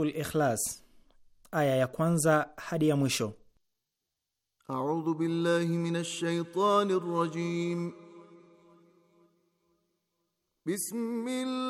Suratul Ikhlas aya ya kwanza hadi ya mwisho. A'udhu billahi minash shaitanir rajim. Bismillah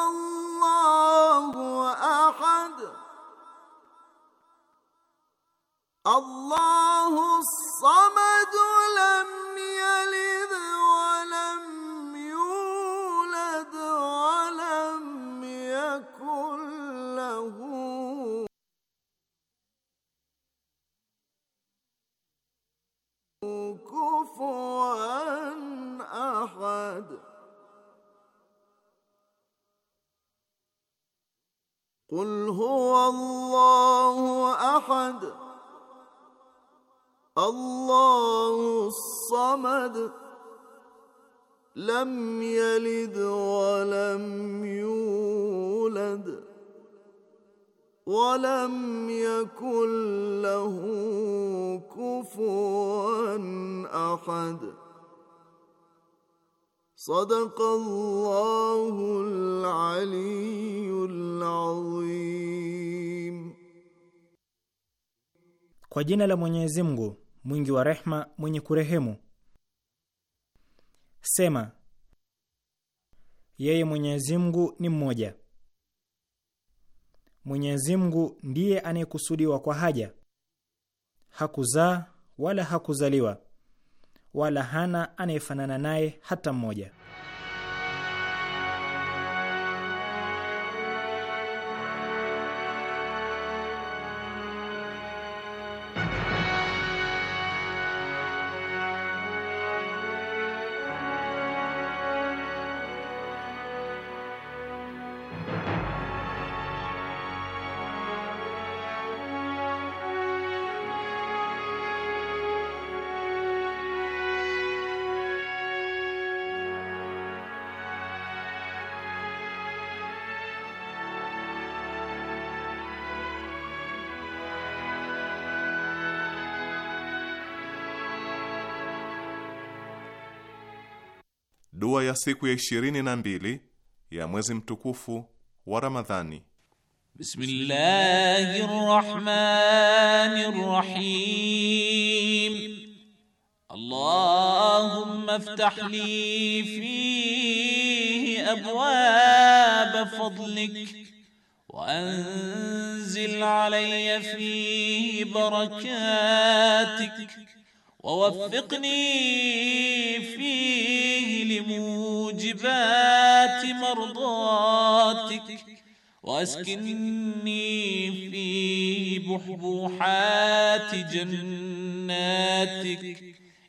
الله الصمد لم يلد ولم يولد ولم يكن له كفوا احد قل هو الله احد الله الصمد لم يلد ولم يولد ولم يكن له كفوا احد صدق الله العلي العظيم Kwa jina la Mwenyezi Mungu mwingi wa rehma, mwenye kurehemu. Sema, yeye Mwenyezi Mungu ni mmoja. Mwenyezi Mungu ndiye anayekusudiwa kwa haja, hakuzaa wala hakuzaliwa, wala hana anayefanana naye hata mmoja. dua ya siku ya ishirini na mbili ya mwezi mtukufu wa Ramadhani. Bismillahir Rahmanir Rahim. Allahumma iftah li fihi abwaba fadlik anzil علي فيه barakatik ووفقني فيه لموجبات مرضاتك واسكنني فيه بحبوحات جناتك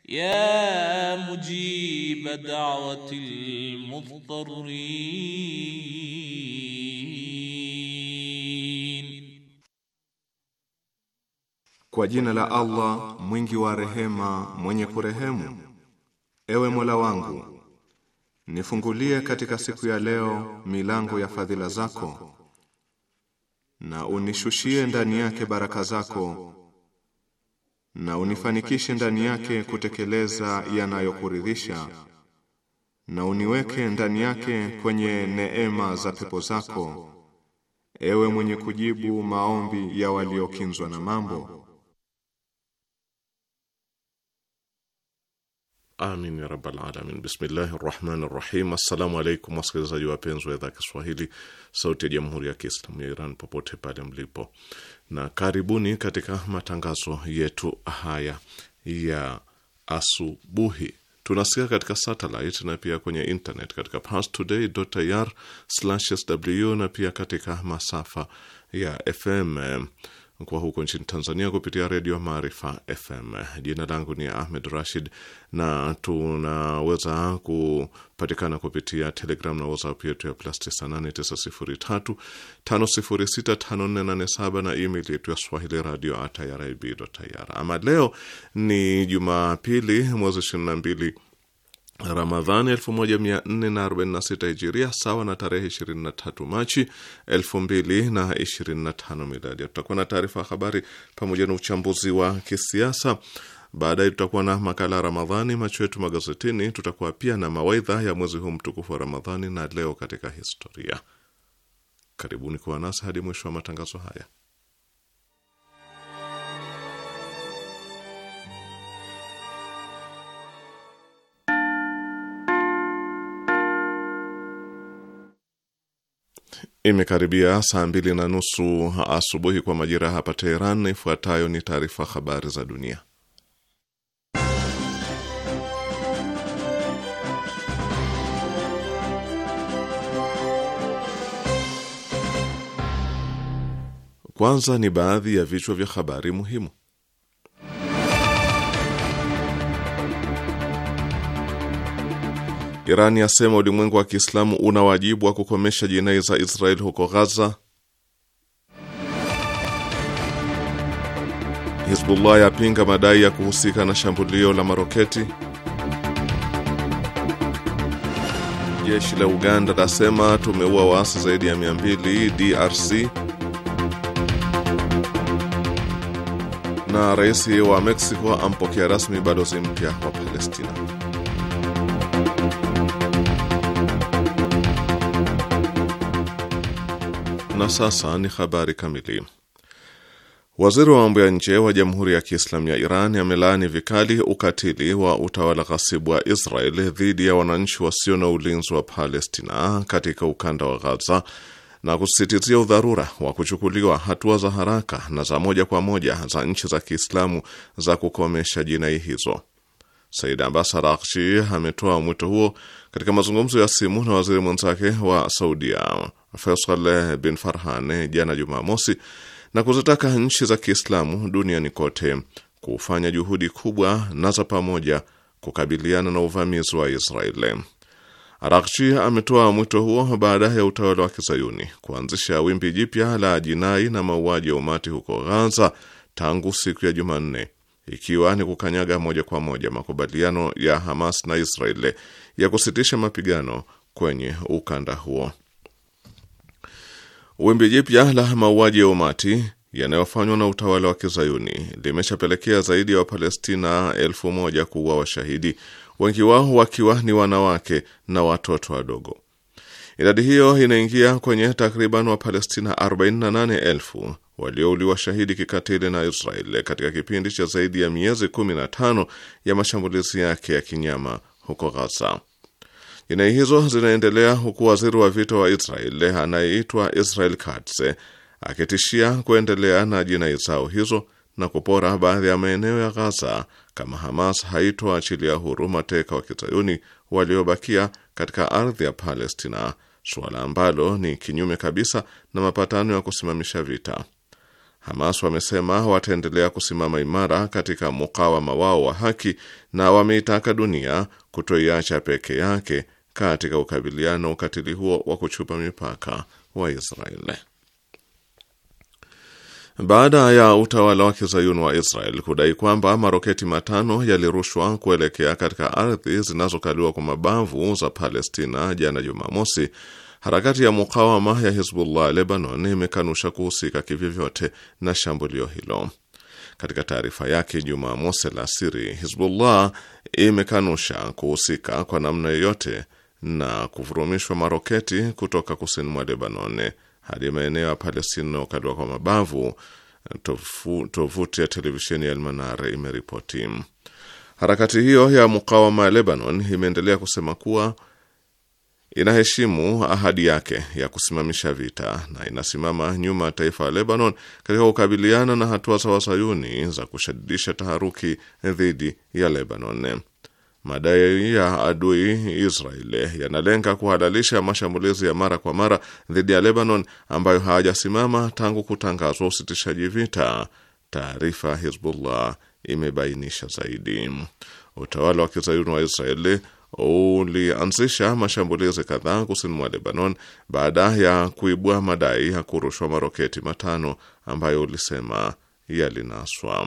يا مجيب دعوة المضطرين Kwa jina la Allah mwingi wa rehema, mwenye kurehemu. Ewe Mola wangu, nifungulie katika siku ya leo milango ya fadhila zako na unishushie ndani yake baraka zako na unifanikishe ndani yake kutekeleza yanayokuridhisha na uniweke ndani yake kwenye neema za pepo zako, ewe mwenye kujibu maombi ya waliokinzwa na mambo. Amin ya rabbal alamin. Bismillahi rahmani rahim. Assalamu alaikum wasikilizaji wapenzi wa idhaa Kiswahili sauti ya jamhuri ya Kiislamu ya Iran popote pale mlipo, na karibuni katika matangazo yetu haya ya asubuhi. Tunasikia katika satellite na pia kwenye internet katika parstoday.ir/sw na pia katika masafa ya FM kwa huko nchini Tanzania kupitia redio Maarifa FM. Jina langu ni Ahmed Rashid na tunaweza kupatikana kupitia Telegram na WhatsApp yetu ya plus 989035065487 na email yetu ya swahili radio at irib.ir. Ama leo ni Jumapili, mwezi 22 Ramadhani 1446 Hijiria, sawa na tarehe 23 Machi 2025 Miladi. Tutakuwa na taarifa ya habari pamoja na uchambuzi wa kisiasa. Baadaye tutakuwa na makala ya Ramadhani, macho yetu magazetini. Tutakuwa pia na mawaidha ya mwezi huu mtukufu wa Ramadhani na leo katika historia. Karibuni kuwa nasi hadi mwisho wa matangazo haya. Imekaribia saa mbili na nusu asubuhi kwa majira hapa Teheran, na ifuatayo ni taarifa habari za dunia. Kwanza ni baadhi ya vichwa vya habari muhimu. Irani yasema ulimwengu wa Kiislamu una wajibu wa kukomesha jinai za Israel huko Ghaza. Hizbullah yapinga madai ya kuhusika na shambulio la maroketi. Jeshi la Uganda lasema tumeua waasi zaidi ya 200 DRC. Na rais wa Mexico ampokea rasmi balozi mpya wa Palestina. Na sasa ni habari kamili. Waziri wa mambo ya nje wa Jamhuri ya Kiislamu ya Iran amelaani vikali ukatili wa utawala ghasibu wa Israel dhidi ya wananchi wasio na ulinzi wa Palestina katika ukanda wa Ghaza na kusisitizia udharura wa kuchukuliwa hatua za haraka na za moja kwa moja za nchi za Kiislamu za kukomesha jinai hizo. Said Abbas Araghchi ametoa mwito huo katika mazungumzo ya simu na waziri mwenzake wa Saudia Faisal bin Farhan jana Jumamosi na kuzitaka nchi za Kiislamu duniani kote kufanya juhudi kubwa na za pamoja kukabiliana na uvamizi wa Israeli. arakchi ametoa mwito huo baada ya utawala wa kizayuni kuanzisha wimbi jipya la jinai na mauaji ya umati huko Ghaza tangu siku ya Jumanne, ikiwa ni kukanyaga moja kwa moja makubaliano ya Hamas na Israeli ya kusitisha mapigano kwenye ukanda huo. Wimbi jipya la mauaji ya umati yanayofanywa na utawala wa kizayuni limeshapelekea zaidi ya Wapalestina elfu moja kuwa washahidi, wengi wao wakiwa ni wanawake na watoto wadogo. Idadi hiyo inaingia kwenye takriban Wapalestina 48,000 waliouliwa shahidi kikatili na Israel katika kipindi cha zaidi ya miezi 15 ya mashambulizi yake ya kinyama huko Gaza. Jinai hizo zinaendelea huku waziri wa vita wa Israel anayeitwa Israel Katz akitishia kuendelea na jinai zao hizo na kupora baadhi ya maeneo ya Ghaza kama Hamas haitoachilia huru mateka wa kizayuni waliobakia katika ardhi ya Palestina, suala ambalo ni kinyume kabisa na mapatano ya kusimamisha vita. Hamas wamesema wataendelea kusimama imara katika mukawama wao wa haki na wameitaka dunia kutoiacha peke yake katika kukabiliana ukatili huo wa kuchupa mipaka wa Israeli. Baada ya utawala wa kizayuni wa Israel kudai kwamba maroketi matano yalirushwa kuelekea katika ardhi zinazokaliwa kwa mabavu za Palestina jana Jumamosi, harakati ya mukawama ya Hizbullah Lebanon imekanusha kuhusika kivyovyote na shambulio hilo. Katika taarifa yake Jumamosi la siri, Hizbullah imekanusha kuhusika kwa namna yoyote na kuvurumishwa maroketi kutoka kusini mwa Lebanon hadi maeneo ya Palestina wakaliwa kwa mabavu, tovuti ya televisheni ya Almanar imeripoti. Harakati hiyo ya mukawama ya Lebanon imeendelea kusema kuwa inaheshimu ahadi yake ya kusimamisha vita na inasimama nyuma ya taifa la Lebanon katika kukabiliana na hatua za wasayuni za kushadidisha taharuki dhidi ya Lebanon. Madai ya adui Israeli yanalenga kuhalalisha mashambulizi ya mara kwa mara dhidi ya Lebanon ambayo hayajasimama tangu kutangazwa usitishaji vita, taarifa Hizbullah imebainisha zaidi. Utawala wa kizayuni wa Israeli ulianzisha mashambulizi kadhaa kusini mwa Lebanon baada ya kuibua madai ya kurushwa maroketi matano ambayo ulisema yalinaswa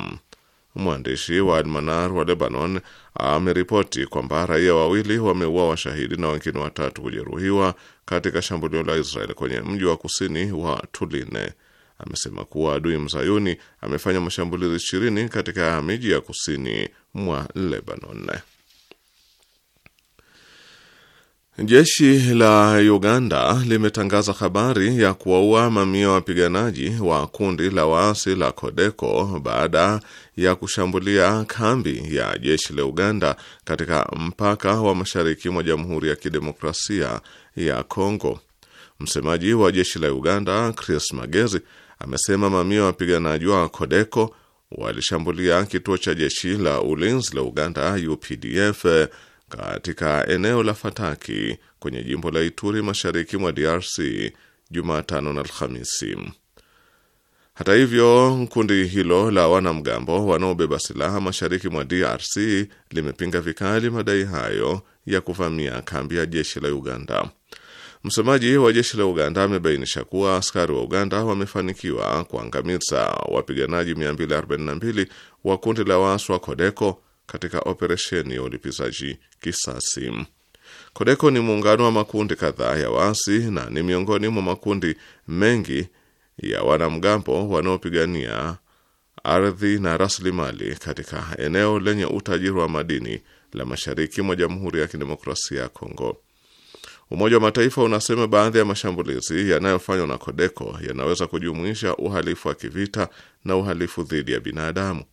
mwandishi wa Almanar wa Lebanon ameripoti kwamba raia wawili wameua washahidi na wengine watatu kujeruhiwa katika shambulio la Israel kwenye mji wa kusini wa Tuline. Amesema kuwa adui mzayuni amefanya mashambulizi ishirini katika miji ya kusini mwa Lebanon. Jeshi la Uganda limetangaza habari ya kuwaua mamia wapiganaji wa kundi la waasi la Kodeko baada ya kushambulia kambi ya jeshi la Uganda katika mpaka wa mashariki mwa Jamhuri ya Kidemokrasia ya Kongo. Msemaji wa jeshi la Uganda Chris Magezi amesema mamia wapiganaji wa Kodeko walishambulia kituo cha jeshi la ulinzi la Uganda UPDF katika eneo la Fataki kwenye jimbo la Ituri mashariki mwa DRC Jumatano na Alhamisi. Hata hivyo, kundi hilo la wanamgambo wanaobeba silaha mashariki mwa DRC limepinga vikali madai hayo ya kuvamia kambi ya jeshi la Uganda. Msemaji wa jeshi la Uganda amebainisha kuwa askari wa Uganda wamefanikiwa kuangamiza wapiganaji 242 wa kundi la waasi wa Kodeko katika operesheni ya ulipizaji kisasi. Kodeko ni muungano wa makundi kadhaa ya waasi na ni miongoni mwa makundi mengi ya wanamgambo wanaopigania ardhi na rasilimali katika eneo lenye utajiri wa madini la mashariki mwa Jamhuri ya Kidemokrasia ya Kongo. Umoja wa Mataifa unasema baadhi ya mashambulizi yanayofanywa na Kodeko yanaweza kujumuisha uhalifu wa kivita na uhalifu dhidi ya binadamu.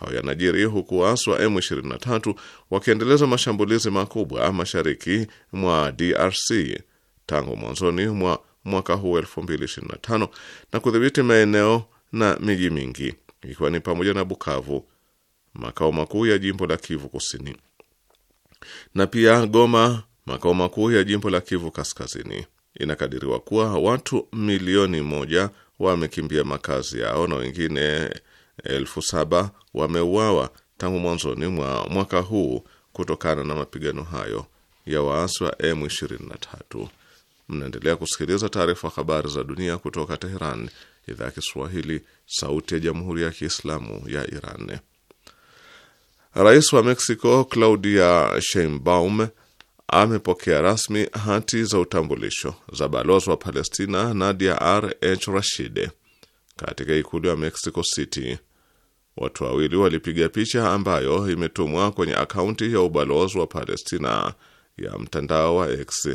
Hayo yanajiri huku waasi wa M23 wakiendeleza mashambulizi makubwa mashariki mwa DRC tangu mwanzoni mwa mwaka huu 2025 na kudhibiti maeneo na miji mingi ikiwa ni pamoja na Bukavu, makao makuu ya jimbo la Kivu Kusini, na pia Goma, makao makuu ya jimbo la Kivu Kaskazini. Inakadiriwa kuwa watu milioni moja wamekimbia makazi yao na wengine elfu saba wameuawa tangu mwanzoni mwa mwaka huu kutokana na mapigano hayo ya waasi wa M23. Mnaendelea kusikiliza taarifa habari za dunia kutoka Teheran, idhaa ya Kiswahili, sauti ya jamhuri ya kiislamu ya Iran. Rais wa Mexico Claudia Sheinbaum amepokea rasmi hati za utambulisho za balozi wa Palestina Nadia R H Rashid katika ikulu ya Mexico City. Watu wawili walipiga picha ambayo imetumwa kwenye akaunti ya ubalozi wa Palestina ya mtandao wa X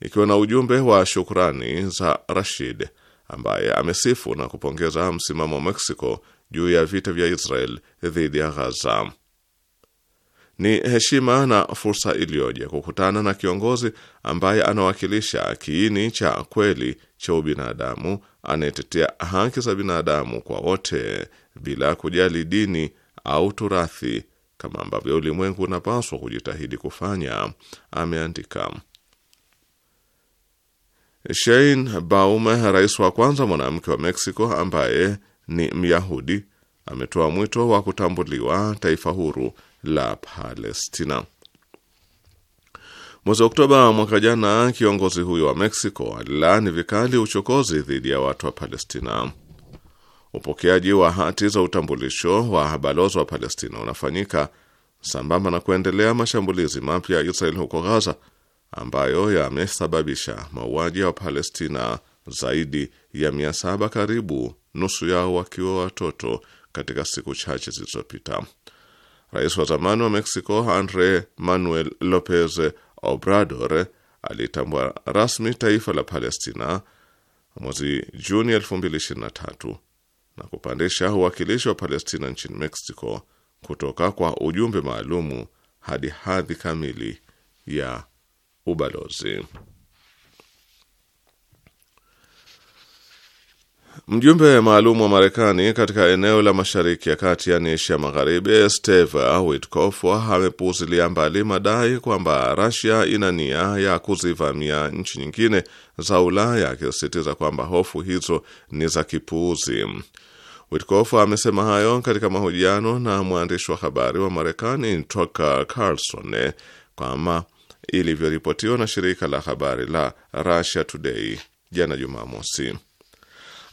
ikiwa na ujumbe wa shukrani za Rashid ambaye amesifu na kupongeza msimamo wa Mexico juu ya vita vya Israel dhidi ya Ghaza. Ni heshima na fursa iliyoje kukutana na kiongozi ambaye anawakilisha kiini cha kweli cha ubinadamu, anayetetea haki za binadamu kwa wote bila kujali dini au turathi kama ambavyo ulimwengu unapaswa kujitahidi kufanya, ameandika. Shein Baume, rais wa kwanza mwanamke wa Mexico ambaye ni Myahudi, ametoa mwito wa kutambuliwa taifa huru la Palestina. Mwezi Oktoba mwaka jana, kiongozi huyo wa Mexico alilaani vikali uchokozi dhidi ya watu wa Palestina upokeaji wa hati za utambulisho wa balozi wa Palestina unafanyika sambamba na kuendelea mashambulizi mapya ya israel huko Gaza ambayo yamesababisha mauaji ya Wapalestina zaidi ya mia saba, karibu nusu yao wakiwa watoto katika siku chache zilizopita. Rais wa zamani wa Mexico Andre Manuel Lopez Obrador alitambua rasmi taifa la Palestina mwezi Juni 2023 na kupandisha uwakilishi wa Palestina nchini Mexico kutoka kwa ujumbe maalumu hadi hadhi kamili ya ubalozi. Mjumbe maalum wa Marekani katika eneo la Mashariki ya Kati, yaani Asia Magharibi, Steve Witkoff amepuuzilia mbali madai kwamba Rasia ina nia ya kuzivamia nchi nyingine za Ulaya, akisisitiza kwamba hofu hizo ni za kipuuzi. Witkof amesema hayo katika mahojiano na mwandishi wa habari wa Marekani Tucker Carlson kwama ilivyoripotiwa na shirika la habari la Russia Today jana Jumamosi.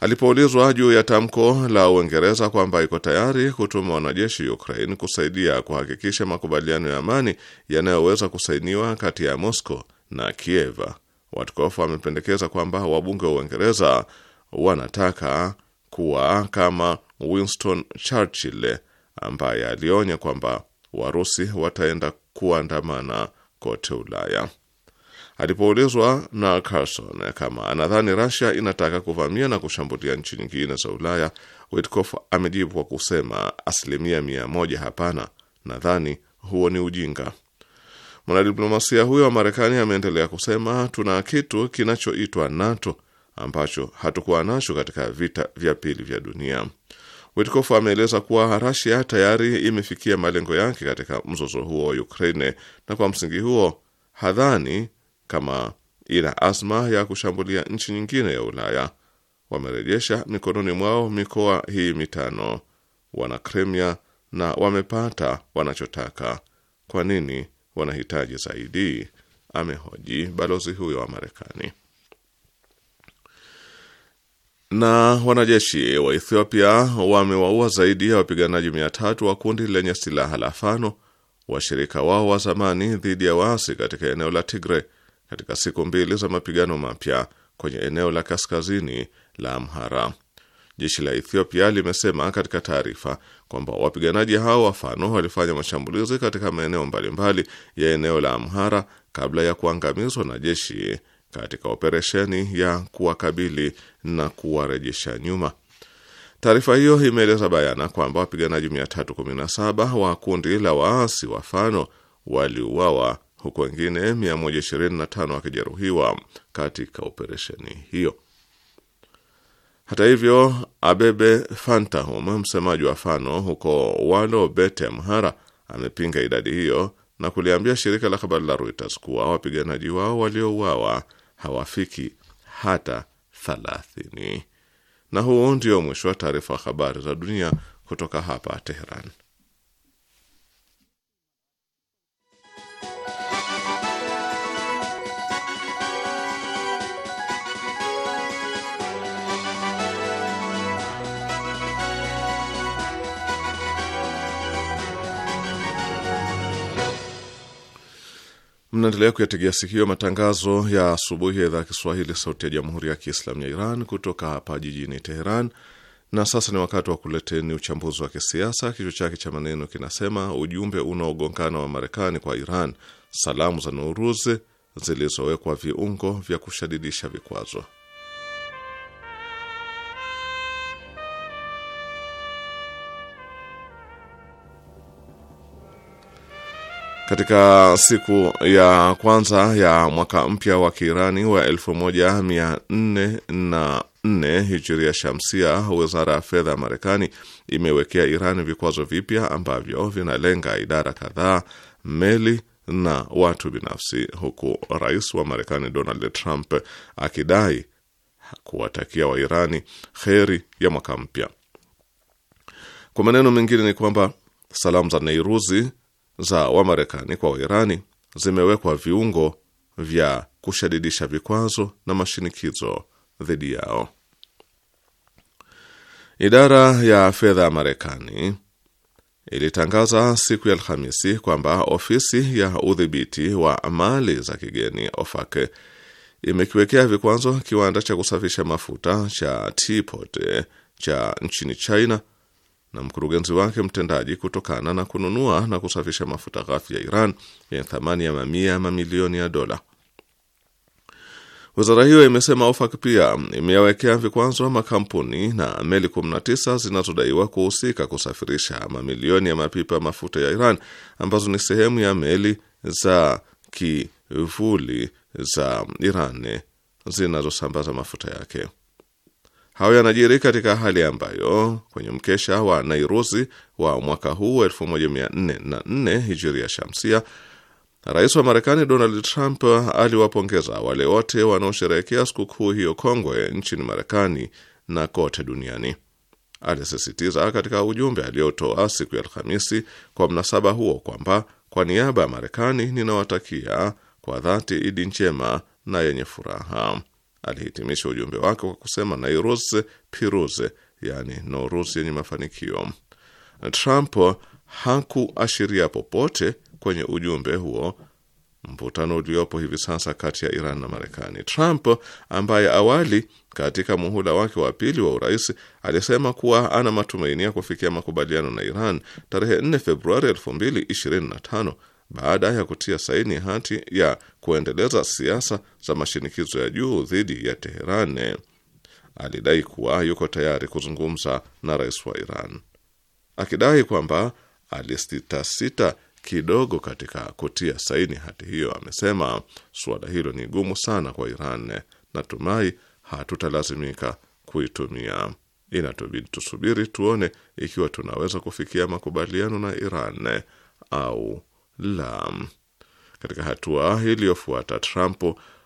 Alipoulizwa juu ya tamko la Uingereza kwamba iko tayari kutuma wanajeshi Ukraine kusaidia kuhakikisha makubaliano ya amani yanayoweza kusainiwa kati ya Moscow na Kieva, Watkof amependekeza kwamba wabunge wa Uingereza wanataka kuwa kama Winston Churchill ambaye alionya kwamba Warusi wataenda kuandamana kote Ulaya. Alipoulizwa na Carson kama anadhani Russia inataka kuvamia na kushambulia nchi nyingine za Ulaya, Witkoff amejibu kwa kusema asilimia mia moja hapana, nadhani huo ni ujinga. Mwanadiplomasia huyo wa Marekani ameendelea kusema, tuna kitu kinachoitwa NATO ambacho hatukuwa nacho katika vita vya pili vya dunia. witkof ameeleza kuwa Rasia tayari imefikia malengo yake katika mzozo huo wa Ukraine, na kwa msingi huo hadhani kama ina azma ya kushambulia nchi nyingine ya Ulaya. Wamerejesha mikononi mwao mikoa hii mitano, wana Crimea na wamepata wanachotaka. Kwa nini wanahitaji zaidi? Amehoji balozi huyo wa Marekani. Na wanajeshi wa Ethiopia wamewaua zaidi ya wapiganaji mia tatu wa kundi lenye silaha la Fano, washirika wao wa zamani dhidi ya waasi katika eneo la Tigre, katika siku mbili za mapigano mapya kwenye eneo la kaskazini la Amhara. Jeshi la Ethiopia limesema katika taarifa kwamba wapiganaji hao wa Fano walifanya mashambulizi katika maeneo mbalimbali ya eneo la Amhara kabla ya kuangamizwa na jeshi katika operesheni ya kuwakabili na kuwarejesha nyuma. Taarifa hiyo imeeleza bayana kwamba wapiganaji 317 wa kundi la waasi wa Fano waliuawa huku wengine 125 wakijeruhiwa katika operesheni hiyo. Hata hivyo, Abebe Fantahum, msemaji wa Fano huko Walo Bete Mhara, amepinga idadi hiyo na kuliambia shirika la habari la Reuters kuwa wapiganaji wao waliouawa hawafiki hata thalathini. Na huu ndio mwisho wa taarifa wa habari za dunia kutoka hapa Teheran. Mnaendelea kuyategea sikio matangazo ya asubuhi ya idhaa ya Kiswahili, sauti ya jamhuri ya kiislamu ya Iran kutoka hapa jijini Teheran. Na sasa ni wakati wa kuleteni uchambuzi wa kisiasa, kichwa chake cha maneno kinasema ujumbe unaogongana wa Marekani kwa Iran, salamu za Nouruzi zilizowekwa viungo vya kushadidisha vikwazo. Katika siku ya kwanza ya mwaka mpya wa Kiirani wa 1404 hijiria shamsia, wizara ya fedha ya Marekani imewekea Iran vikwazo vipya ambavyo vinalenga idara kadhaa, meli na watu binafsi, huku rais wa Marekani Donald Trump akidai kuwatakia Wairani kheri ya mwaka mpya. Kwa maneno mengine ni kwamba salamu za Neiruzi za Wamarekani kwa Wairani zimewekwa viungo vya kushadidisha vikwazo na mashinikizo dhidi yao. Idara ya fedha ya Marekani ilitangaza siku ya Alhamisi kwamba ofisi ya udhibiti wa mali za kigeni OFAC imekiwekea vikwazo kiwanda cha kusafisha mafuta cha Teapot cha nchini China na mkurugenzi wake mtendaji kutokana na kununua na kusafisha mafuta ghafi ya Iran yenye thamani ya mamia ya mamilioni ya dola. Wizara hiyo imesema OFAC pia imeyawekea vikwazo makampuni na meli 19 zinazodaiwa kuhusika kusafirisha mamilioni ya mapipa mafuta ya Iran ambazo ni sehemu ya meli za kivuli za Iran eh, zinazosambaza mafuta yake. Hayo yanajiri katika hali ambayo kwenye mkesha wa Nairuzi wa mwaka huu 1404 hijiria shamsia, rais wa Marekani Donald Trump aliwapongeza wale wote wanaosherehekea sikukuu hiyo kongwe nchini Marekani na kote duniani. Alisisitiza katika ujumbe aliotoa siku ya Alhamisi kwa mnasaba huo kwamba kwa niaba ya Marekani ninawatakia kwa dhati Idi njema na yenye furaha. Alihitimisha ujumbe wake kwa kusema Nairuz piruze, yani Noruz yenye mafanikio. Trump hakuashiria popote kwenye ujumbe huo mvutano uliopo hivi sasa kati ya Iran na Marekani. Trump ambaye awali katika muhula wake wa pili wa urais alisema kuwa ana matumaini ya kufikia makubaliano na Iran tarehe 4 Februari 2025 baada ya kutia saini hati ya kuendeleza siasa za mashinikizo ya juu dhidi ya Teheran, alidai kuwa yuko tayari kuzungumza na rais wa Iran, akidai kwamba alisitasita kidogo katika kutia saini hati hiyo. Amesema suala hilo ni gumu sana kwa Iran, natumai hatutalazimika kuitumia. Inatubidi tusubiri tuone ikiwa tunaweza kufikia makubaliano na Iran au la. Katika hatua iliyofuata, Trump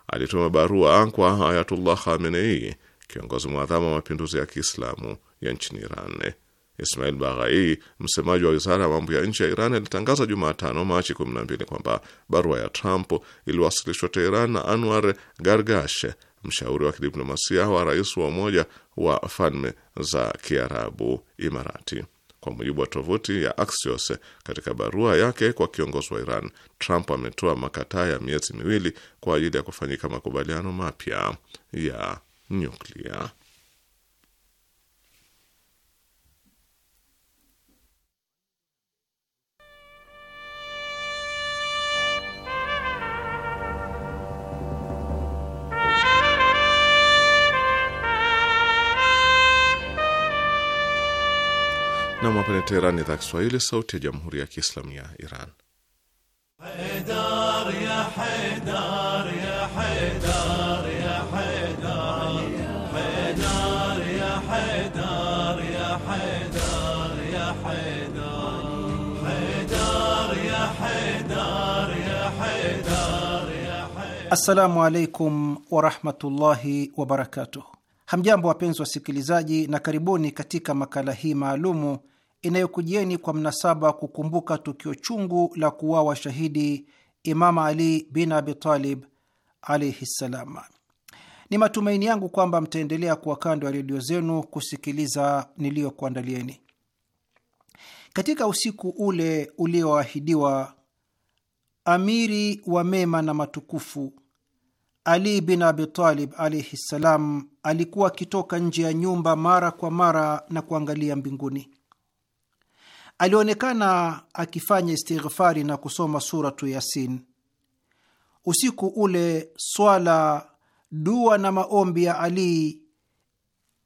alituma barua kwa Ayatullah Khamenei, kiongozi mwadhamu wa mapinduzi ya Kiislamu ya nchini Iran. Ismail Baghai, msemaji wa wizara ya mambo ya nje ya Iran, alitangaza Jumatano Machi 12 kwamba barua ya Trump iliwasilishwa Teheran na Anwar Gargash, mshauri wa kidiplomasia wa rais wa Umoja wa Falme za Kiarabu, Imarati. Kwa mujibu wa tovuti ya Axios, katika barua yake kwa kiongozi wa Iran, Trump ametoa makataa ya miezi miwili kwa ajili ya kufanyika makubaliano mapya ya nyuklia. Nam, hapa ni Teherani, idhaa Kiswahili, sauti ya jamhuri ya kiislamu ya Iran. Haidar ya Haidar ya Haidar ya Haidar Assalamu alaikum warahmatullahi wabarakatuh. Hamjambo wapenzi wasikilizaji, na karibuni katika makala hii maalumu inayokujieni kwa mnasaba kukumbuka tukio chungu la kuwawa shahidi Imam Ali bin Abitalib alaihi ssalam. Ni matumaini yangu kwamba mtaendelea kuwa kando ya redio zenu kusikiliza niliyokuandalieni katika usiku ule ulioahidiwa. Amiri wa mema na matukufu Ali bin Abitalib alaihi ssalam alikuwa akitoka nje ya nyumba mara kwa mara na kuangalia mbinguni alionekana akifanya istighfari na kusoma Suratu Yasin. Usiku ule swala, dua na maombi ya Ali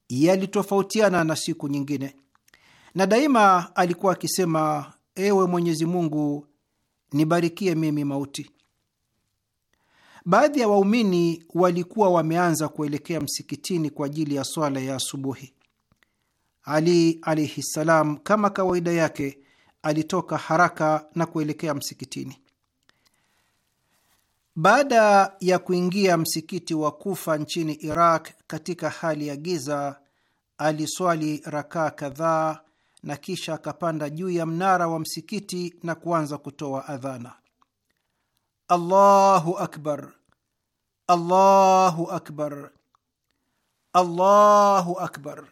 yalitofautiana na siku nyingine, na daima alikuwa akisema, ewe Mwenyezi Mungu, nibarikie mimi mauti. Baadhi ya waumini walikuwa wameanza kuelekea msikitini kwa ajili ya swala ya asubuhi. Ali alaihi ssalam, kama kawaida yake, alitoka haraka na kuelekea msikitini. Baada ya kuingia msikiti wa Kufa nchini Iraq katika hali ya giza, aliswali rakaa kadhaa na kisha akapanda juu ya mnara wa msikiti na kuanza kutoa adhana, Allahu akbar, Allahu akbar, Allahu akbar.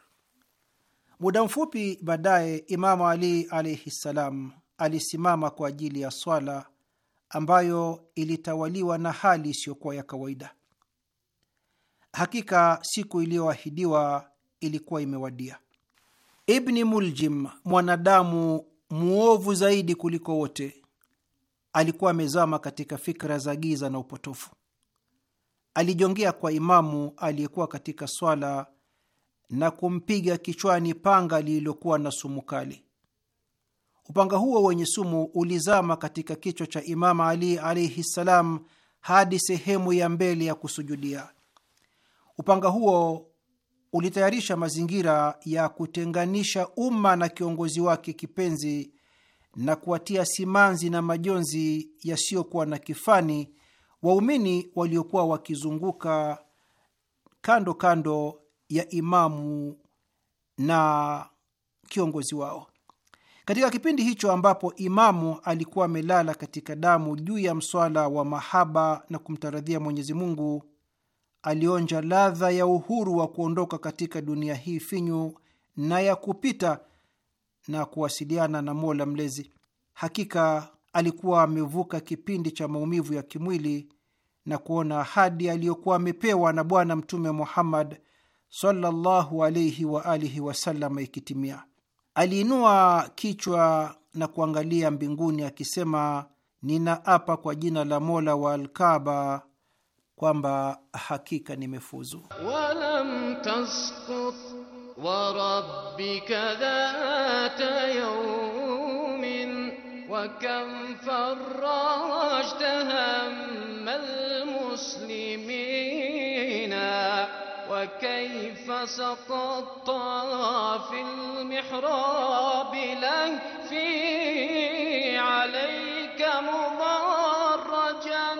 Muda mfupi baadaye, Imamu Ali alaihi ssalam alisimama kwa ajili ya swala ambayo ilitawaliwa na hali isiyokuwa ya kawaida. Hakika siku iliyoahidiwa ilikuwa imewadia. Ibni Muljim, mwanadamu mwovu zaidi kuliko wote, alikuwa amezama katika fikra za giza na upotofu. Alijongea kwa imamu aliyekuwa katika swala na kumpiga kichwani panga lililokuwa na sumu kali. Upanga huo wenye sumu ulizama katika kichwa cha Imamu Ali alaihi ssalam hadi sehemu ya mbele ya kusujudia. Upanga huo ulitayarisha mazingira ya kutenganisha umma na kiongozi wake kipenzi na kuwatia simanzi na majonzi yasiyokuwa na kifani waumini waliokuwa wakizunguka kando kando ya imamu na kiongozi wao. Katika kipindi hicho ambapo imamu alikuwa amelala katika damu juu ya mswala wa mahaba na kumtaradhia Mwenyezi Mungu, alionja ladha ya uhuru wa kuondoka katika dunia hii finyu na ya kupita na kuwasiliana na Mola Mlezi. Hakika alikuwa amevuka kipindi cha maumivu ya kimwili na kuona ahadi aliyokuwa amepewa na Bwana Mtume Muhammad sallallahu alayhi wa alihi wasallam ikitimia, aliinua kichwa na kuangalia mbinguni akisema, ninaapa kwa jina la Mola wa Alkaba kwamba hakika nimefuzu. walam wa rabbika dhata yawmin wa kam وكيف سقط في المحراب له في عليك مضرجا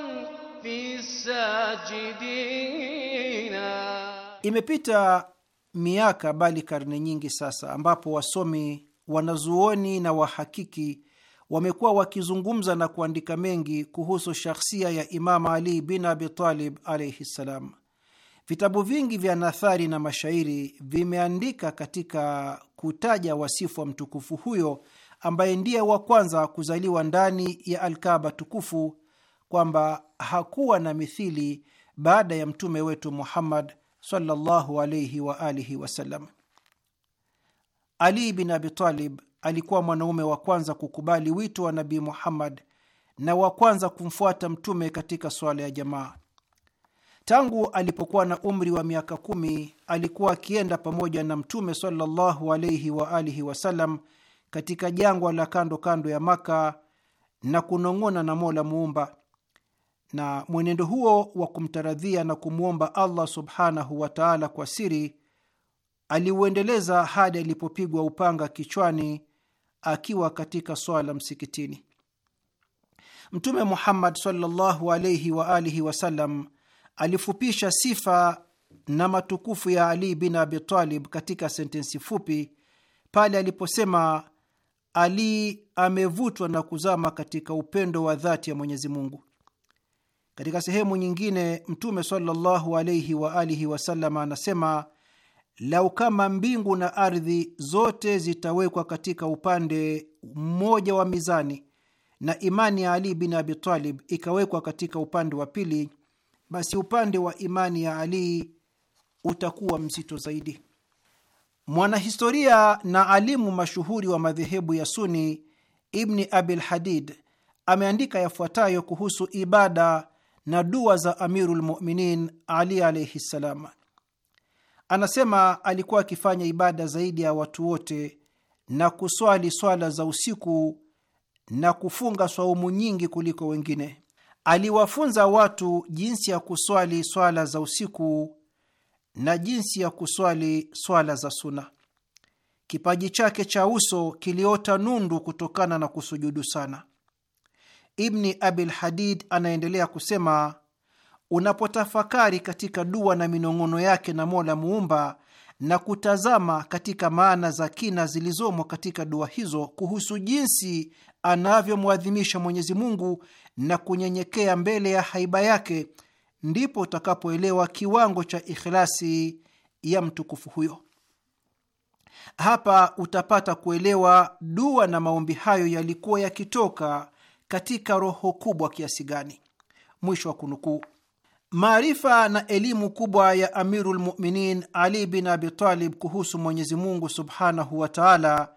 في الساجدين imepita miaka bali karne nyingi sasa ambapo wasomi wanazuoni na wahakiki wamekuwa wakizungumza na kuandika mengi kuhusu shakhsia ya Imam Ali bin Abi Talib alaihi ssalam. Vitabu vingi vya nathari na mashairi vimeandika katika kutaja wasifu wa mtukufu huyo ambaye ndiye wa kwanza kuzaliwa ndani ya Alkaba tukufu kwamba hakuwa na mithili baada ya mtume wetu Muhammad sallallahu alayhi wa alihi wasallam. Ali bin Abi Talib alikuwa mwanaume wa kwanza kukubali wito wa Nabii Muhammad na wa kwanza kumfuata mtume katika swala ya jamaa. Tangu alipokuwa na umri wa miaka kumi alikuwa akienda pamoja na Mtume sallallahu alaihi wa alihi wasallam katika jangwa la kando kando ya Maka na kunong'ona na Mola Muumba, na mwenendo huo wa kumtaradhia na kumwomba Allah subhanahu wa taala kwa siri aliuendeleza hadi alipopigwa upanga kichwani akiwa katika swala msikitini. Mtume Muhammad sallallahu alaihi wa alihi wasallam alifupisha sifa na matukufu ya Ali bin Abi Talib katika sentensi fupi pale aliposema Ali amevutwa na kuzama katika upendo wa dhati ya Mwenyezi Mungu. Katika sehemu nyingine, Mtume sallallahu alaihi wa alihi wasallam anasema lau kama mbingu na ardhi zote zitawekwa katika upande mmoja wa mizani na imani ya Ali bin Abi Talib ikawekwa katika upande wa pili basi upande wa imani ya Ali utakuwa mzito zaidi. Mwanahistoria na alimu mashuhuri wa madhehebu ya Suni Ibni Abil Hadid ameandika yafuatayo kuhusu ibada na dua za Amirul Muminin Ali alaihi ssalam. Anasema alikuwa akifanya ibada zaidi ya watu wote na kuswali swala za usiku na kufunga swaumu nyingi kuliko wengine aliwafunza watu jinsi ya kuswali swala za usiku na jinsi ya kuswali swala za suna. Kipaji chake cha uso kiliota nundu kutokana na kusujudu sana. Ibni Abil Hadid anaendelea kusema, unapotafakari katika dua na minong'ono yake na Mola Muumba na kutazama katika maana za kina zilizomo katika dua hizo kuhusu jinsi anavyomwadhimisha Mwenyezi Mungu na kunyenyekea mbele ya haiba yake, ndipo utakapoelewa kiwango cha ikhlasi ya mtukufu huyo. Hapa utapata kuelewa dua na maombi hayo yalikuwa yakitoka katika roho kubwa kiasi gani. Mwisho wa kunukuu. Maarifa na elimu kubwa ya Amirulmuminin Ali bin Abitalib kuhusu Mwenyezi Mungu subhanahu wa taala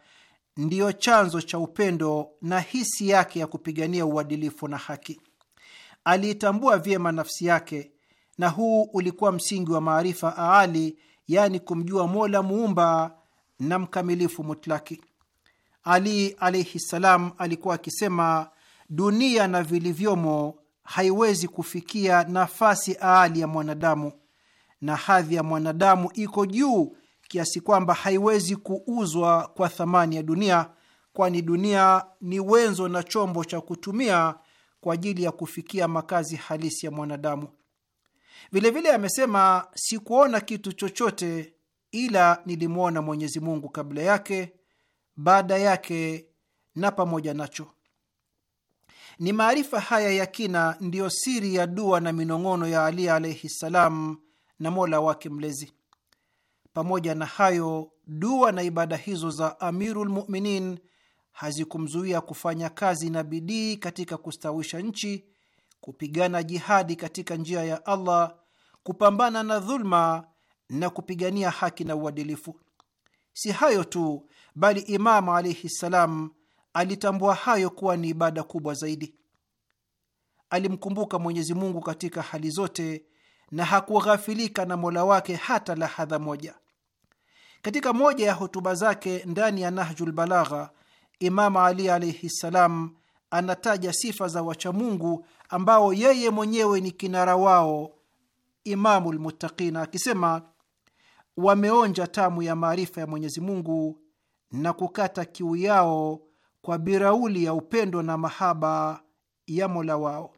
ndiyo chanzo cha upendo na hisi yake ya kupigania uadilifu na haki. Aliitambua vyema nafsi yake, na huu ulikuwa msingi wa maarifa aali, yaani kumjua Mola muumba na mkamilifu mutlaki. Ali alaihi ssalam alikuwa akisema, dunia na vilivyomo haiwezi kufikia nafasi aali ya mwanadamu, na hadhi ya mwanadamu iko juu kiasi kwamba haiwezi kuuzwa kwa thamani ya dunia, kwani dunia ni wenzo na chombo cha kutumia kwa ajili ya kufikia makazi halisi ya mwanadamu. Vilevile amesema, sikuona kitu chochote ila nilimwona Mwenyezi Mungu kabla yake, baada yake na pamoja nacho. Ni maarifa haya ya kina ndiyo siri ya dua na minong'ono ya Ali alaihi ssalam na mola wake mlezi. Pamoja na hayo, dua na ibada hizo za Amirul Muminin hazikumzuia kufanya kazi na bidii katika kustawisha nchi, kupigana jihadi katika njia ya Allah, kupambana na dhulma na kupigania haki na uadilifu. Si hayo tu, bali Imamu alaihi ssalam alitambua hayo kuwa ni ibada kubwa zaidi. Alimkumbuka Mwenyezi Mungu katika hali zote na hakughafilika na mola wake hata lahadha moja. Katika moja ya hotuba zake ndani ya Nahjul Balagha, Imam Ali alaihi ssalam anataja sifa za wachamungu ambao yeye mwenyewe ni kinara wao, imamu Muttaqin, akisema wameonja tamu ya maarifa ya Mwenyezi Mungu na kukata kiu yao kwa birauli ya upendo na mahaba ya mola wao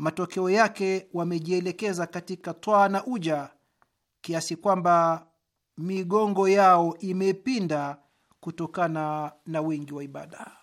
matokeo yake wamejielekeza katika twaa na uja, kiasi kwamba migongo yao imepinda kutokana na wingi wa ibada.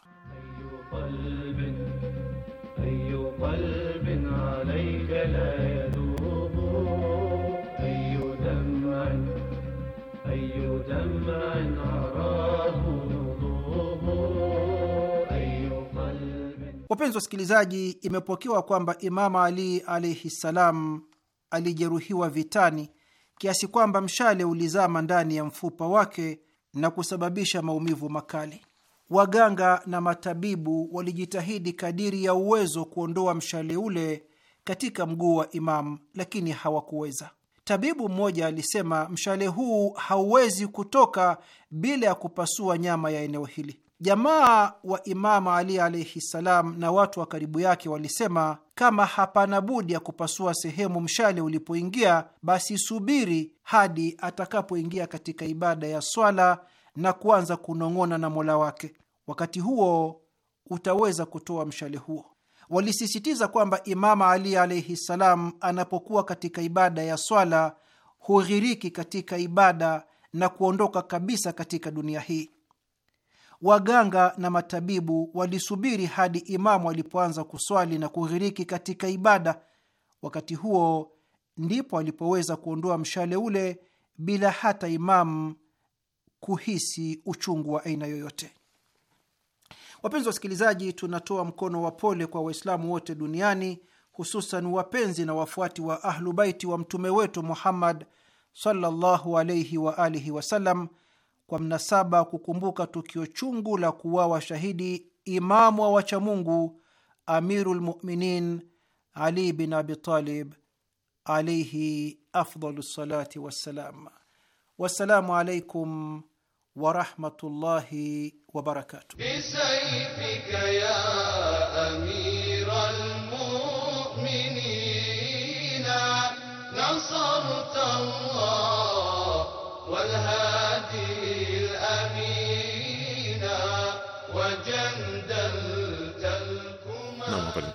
Wapenzi wasikilizaji, imepokewa kwamba Imamu Ali alaihi ssalam alijeruhiwa vitani kiasi kwamba mshale ulizama ndani ya mfupa wake na kusababisha maumivu makali. Waganga na matabibu walijitahidi kadiri ya uwezo kuondoa mshale ule katika mguu wa Imamu, lakini hawakuweza. Tabibu mmoja alisema, mshale huu hauwezi kutoka bila ya kupasua nyama ya eneo hili. Jamaa wa Imamu Ali alaihi ssalam na watu wa karibu yake walisema, kama hapana budi ya kupasua sehemu mshale ulipoingia, basi subiri hadi atakapoingia katika ibada ya swala na kuanza kunong'ona na Mola wake. Wakati huo utaweza kutoa mshale huo. Walisisitiza kwamba Imamu Ali alaihi ssalam anapokuwa katika ibada ya swala hughiriki katika ibada na kuondoka kabisa katika dunia hii waganga na matabibu walisubiri hadi imamu alipoanza kuswali na kughiriki katika ibada. Wakati huo ndipo alipoweza kuondoa mshale ule bila hata imamu kuhisi uchungu wa aina yoyote. Wapenzi wasikilizaji, tunatoa mkono wa pole kwa Waislamu wote duniani, hususan wapenzi na wafuati wa Ahlubaiti wa mtume wetu Muhammad sallallahu alaihi wa alihi wasallam kwa mnasaba kukumbuka tukio chungu la kuuawa shahidi imamu wa wachamungu Amirul Muminin Ali bin Abitalib alaihi afdalu salati wassalam. Wassalamu alaikum warahmatullahi wabarakatuh.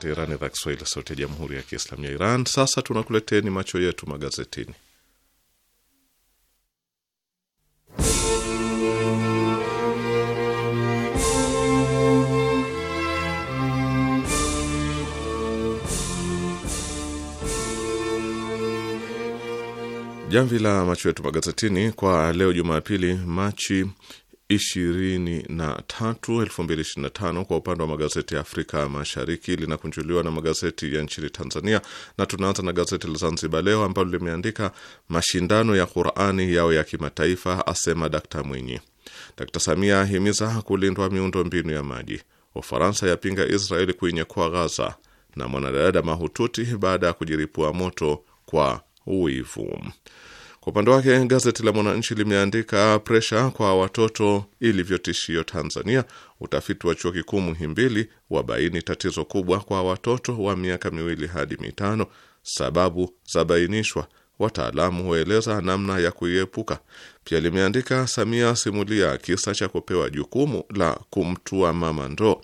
Iran, idhaa Kiswahili, sauti ya jamhuri ya kiislamu ya Iran. Sasa tunakuleteni macho yetu magazetini. Jamvi la macho yetu magazetini kwa leo Jumapili, Machi ishirini na Kwa upande wa magazeti ya Afrika Mashariki, linakunjuliwa na magazeti ya nchini Tanzania, na tunaanza na gazeti la Zanzibar Leo ambalo limeandika mashindano ya Qurani yao ya kimataifa, asema Dakta Mwinyi. Dakta Samia ahimiza kulindwa miundo mbinu ya maji. Ufaransa yapinga Israeli kuinyekua Ghaza, na mwanadada mahututi baada ya kujiripua moto kwa uivu. Kwa upande wake gazeti la Mwananchi limeandika presha kwa watoto ilivyotishio Tanzania. Utafiti wa chuo kikuu Muhimbili wabaini tatizo kubwa kwa watoto wa miaka miwili hadi mitano. Sababu zabainishwa, wataalamu hueleza namna ya kuiepuka. Pia limeandika Samia simulia kisa cha kupewa jukumu la kumtua mama ndoo.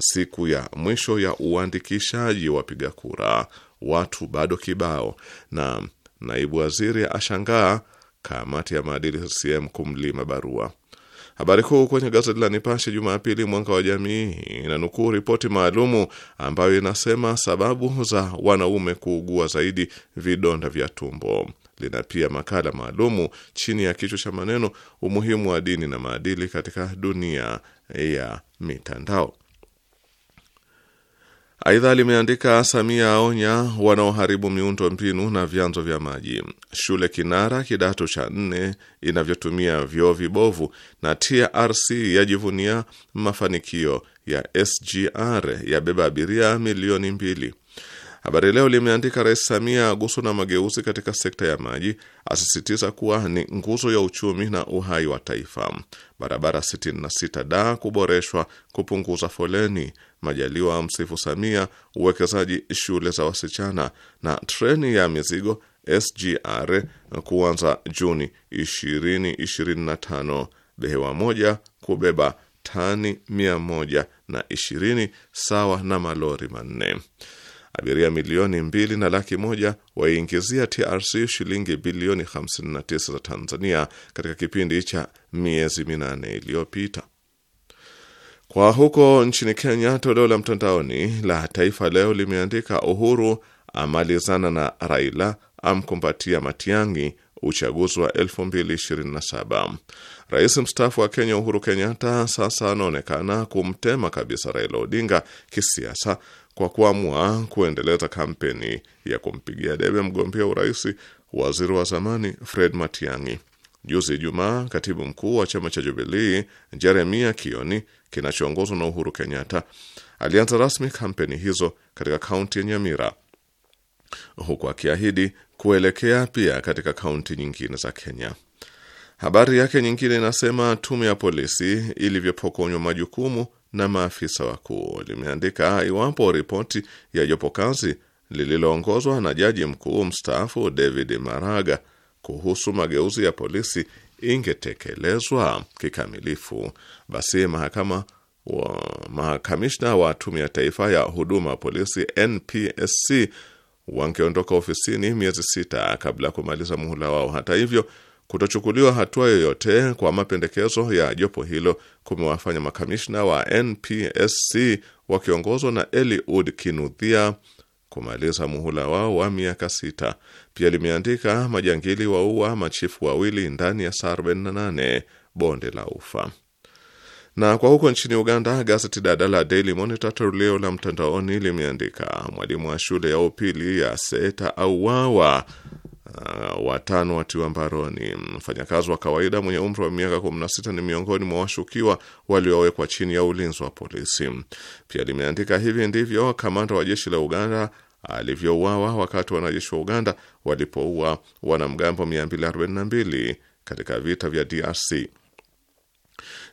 Siku ya mwisho ya uandikishaji wapiga kura, watu bado kibao na Naibu waziri ashangaa kamati ya maadili CCM kumlima barua. Habari kuu kwenye gazeti la Nipashe Jumapili, mwanga wa jamii, inanukuu ripoti maalumu ambayo inasema sababu za wanaume kuugua zaidi vidonda vya tumbo. Lina pia makala maalumu chini ya kichwa cha maneno umuhimu wa dini na maadili katika dunia ya mitandao. Aidha limeandika Samia aonya wanaoharibu miundo mbinu na vyanzo vya maji. Shule kinara kidato cha nne inavyotumia vyoo vibovu, na TRC yajivunia mafanikio ya SGR yabeba abiria milioni mbili. Habari Leo limeandika Rais Samia aguswa na mageuzi katika sekta ya maji, asisitiza kuwa ni nguzo ya uchumi na uhai wa taifa. Barabara 66 da kuboreshwa kupunguza foleni Majaliwa msifu Samia, uwekezaji shule za wasichana na treni ya mizigo SGR kuanza Juni 2025, behewa moja kubeba tani 120 sawa na malori manne. Abiria milioni mbili na laki moja waiingizia TRC shilingi bilioni 59 za Tanzania katika kipindi cha miezi minane iliyopita. Kwa huko nchini Kenya, toleo la mtandaoni la Taifa Leo limeandika Uhuru amalizana na Raila, amkumbatia Matiang'i uchaguzi wa 2027. Rais mstaafu wa Kenya Uhuru Kenyatta sasa anaonekana kumtema kabisa Raila Odinga kisiasa kwa kuamua kuendeleza kampeni ya kumpigia debe mgombea urais waziri wa zamani Fred Matiang'i. Juzi Ijumaa, katibu mkuu wa chama cha Jubilii Jeremia Kioni kinachoongozwa na Uhuru Kenyatta alianza rasmi kampeni hizo katika kaunti ya Nyamira, huku akiahidi kuelekea pia katika kaunti nyingine za Kenya. Habari yake nyingine inasema tume ya polisi ilivyopokonywa majukumu na maafisa wakuu. Limeandika iwapo ripoti ya jopo kazi lililoongozwa na jaji mkuu mstaafu David Maraga kuhusu mageuzi ya polisi ingetekelezwa kikamilifu, basi mahakama wa makamishna wa Tume ya Taifa ya Huduma Polisi NPSC wangeondoka ofisini miezi sita kabla ya kumaliza muhula wao. Hata hivyo, kutochukuliwa hatua yoyote kwa mapendekezo ya jopo hilo kumewafanya makamishna wa NPSC wakiongozwa na Eliud Kinudhia kumaliza muhula wao wa miaka sita. Pia limeandika majangili waua machifu wawili ndani ya saa 48 bonde la ufa. Na kwa huko nchini Uganda, gazeti dada la Daily Monitor toleo la mtandaoni limeandika mwalimu wa shule ya upili ya Seta auawa uh, watano watiwa mbaroni. Mfanyakazi wa kawaida mwenye umri wa miaka 16 ni miongoni mwa washukiwa waliowekwa chini ya ulinzi wa polisi. Pia limeandika hivi ndivyo kamanda wa jeshi la Uganda alivyouawa wakati wanajeshi wa Uganda walipoua wanamgambo 242 katika vita vya DRC.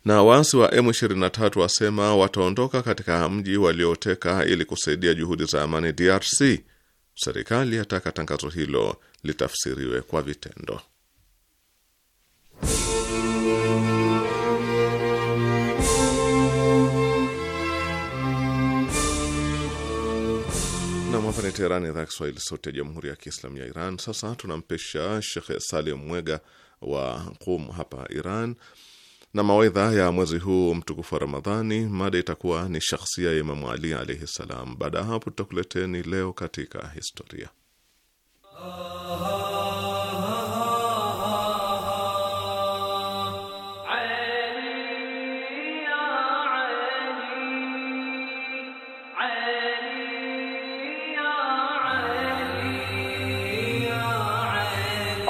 Na waasi wa M23 wasema wataondoka katika mji walioteka ili kusaidia juhudi za amani DRC. Serikali yataka tangazo hilo litafsiriwe kwa vitendo. Hapa ni Teherani, idhaa Kiswahili, sauti ya jamhuri ya kiislamu ya Iran. Sasa tunampisha Shekhe Salim Mwega wa Qum hapa Iran na mawaidha ya mwezi huu mtukufu wa Ramadhani. Mada itakuwa ni shakhsia ya Imamu Ali alaihi salam. Baada ya hapo, tutakuleteni leo katika historia.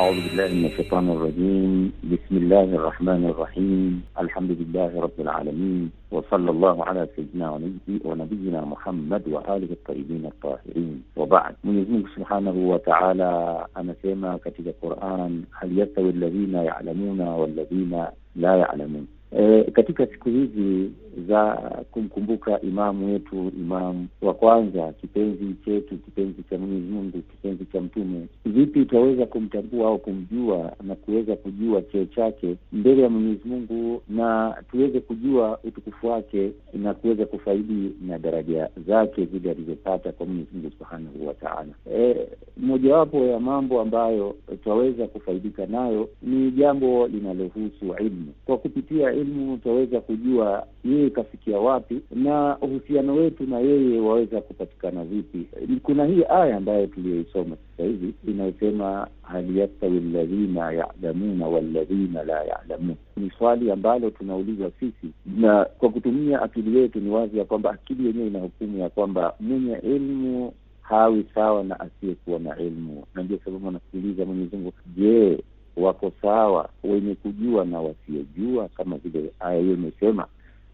أعوذ بالله من الشيطان الرجيم بسم الله الرحمن الرحيم الحمد لله رب العالمين وصلى الله على سيدنا ونبي ونبينا محمد وآله الطيبين الطاهرين وبعد من سبحانه وتعالى أنا سيما كتب القرآن هل يستوي الذين يعلمون والذين لا يعلمون E, katika siku hizi za kumkumbuka imamu wetu, imamu wa kwanza, kipenzi chetu, kipenzi cha Mwenyezi Mungu, kipenzi cha Mtume, vipi tutaweza kumtambua au kumjua na kuweza kujua cheo chake mbele ya Mwenyezi Mungu na tuweze kujua utukufu wake na kuweza kufaidi na daraja zake zile alizopata kwa Mwenyezi Mungu Subhanahu wa Ta'ala. E, mojawapo ya mambo ambayo twaweza kufaidika nayo ni jambo linalohusu ilmu kwa kupitia ilmu elimu utaweza kujua yeye kafikia wapi na uhusiano wetu na yeye waweza kupatikana vipi. Kuna hii aya ambayo tuliyoisoma sasa hivi inayosema hal yastawi lladhina yalamuna walladhina la yalamun. Ni swali ambalo tunaulizwa sisi, na kwa kutumia akili yetu ni wazi ya kwamba akili yenyewe ina hukumu ya kwamba mwenye elimu hawi sawa na asiyekuwa na elimu, na ndio sababu anasikiliza Mwenyezi Mungu. Je, wako sawa, wenye kujua na wasiojua, kama vile aya hiyo imesema,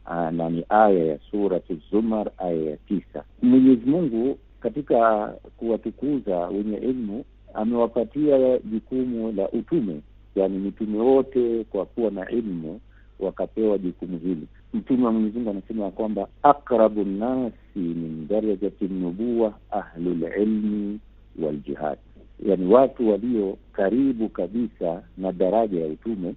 ah, na ni aya ya Suratu Zumar aya ya tisa. Mwenyezi Mungu katika kuwatukuza wenye ilmu amewapatia jukumu la utume, yani mitume wote kwa kuwa na ilmu wakapewa jukumu hili. Mtume wa Mwenyezi Mungu anasema ya kwamba akrabu nnasi min darajati nubuwa ahlulilmi waljihadi yani watu walio karibu kabisa na daraja ya utume